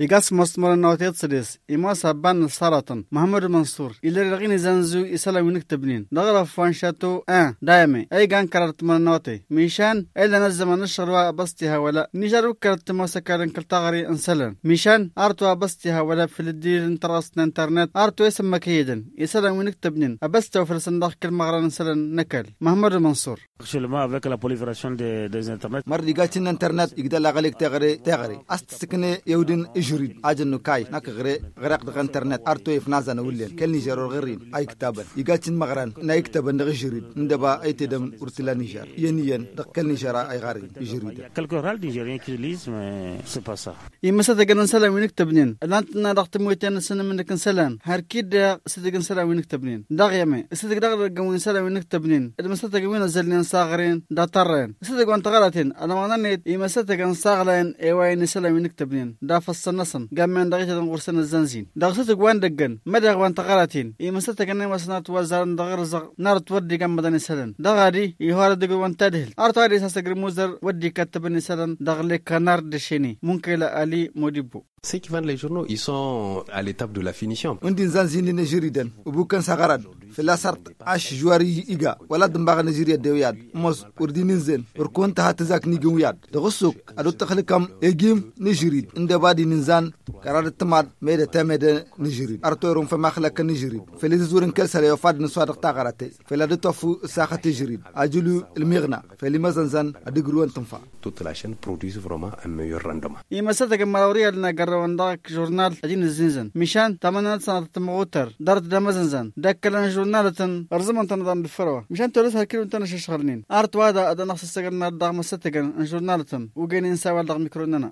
إيغاس مستمر نوتيت سديس إما سبان سرطن محمد منصور إلى رغين زنزو إسلا ونكتبنين دغرا فانشاتو آن دائمي أي غان كررت من نوتي ميشان إلا نزم نشر بستها ولا نجارو كررت مسكرن كالتغري انسلن ميشان أرتو بستها ولا في الدير انترست الانترنت أرتو اسم مكيدن إسلا ونكتبنين أبستو في الصندوق كل كالمغرا انسلن نكل محمد منصور Actuellement, avec la prolifération des, des دي Mardi, gâtin Internet, الانترنت يقدر a تغري تغري أستسكني ont جريد اجن نكاي نك غري غرق دغ انترنت ارتو يف نازن وليل كل نيجر غرين اي كتاب يقاتن مغران نا كتاب نغ جريد ندبا اي تدم ارتلا نيجر ينين دق كل نيجر اي غرين جريد كلكو رال نيجريان كي ليز سي با سا يما سدغن سلام ينكتبنين لانتنا دغت مويتن سن منك سلام هركيد ستجن سلام ينك تبنين دغ مي ستجن دغ جمون سلام ينكتبنين المسدغ وين زلين صاغرين دا ترين سدغ وانت غلطين انا ما نيت يمسا تجن صاغلين اي وين سلام ينكتبنين دا فصل نصن قام من دغيت غرسن الزنزين دقيقة قوان دقن مدى قوان تقراتين اي مسلت كان وسنات وزارن دغر زغ نار تودي قام مدن سدن دغاري يهار دغ وان تدهل ارتاري اساس موزر ودي كتبني سدن دغلي كنار دشيني ممكن علي موديبو Ceux qui vendent les journaux, ils sont à l'étape de la finition. Undin zanzini nejiriden, ubukan sagarad, fait la sorte H juari iga, voilà d'un bar dumbaga de dewyad, mos urdinin zen, urkun tahat zak nigum yad. Dagusuk, adu takhalikam egim nejirid, indabadi nin ميزان قرار تماد ميدا تمد نجري ارتورم في مخلك نجري في لزورن كسر يفاد نصادق تغرتي في لدي توفو ساخه تجري اجلو المغنى في لمزنزن أن تنفع توت لاشن بروديس فروما ام ميور راندما اي مسدق مروري لنا قرون داك جورنال ادين الزنزن مشان تمنات سنه تمغوتر درت دمزنزن دكلن جورنالتن ارزمن تنظام الفروه مشان تولس هالكلمه تنشش خلنين ارت وادا ادنا خص سغنا داغ مسدق جورنالتن وجين انسا والدغ ميكروننا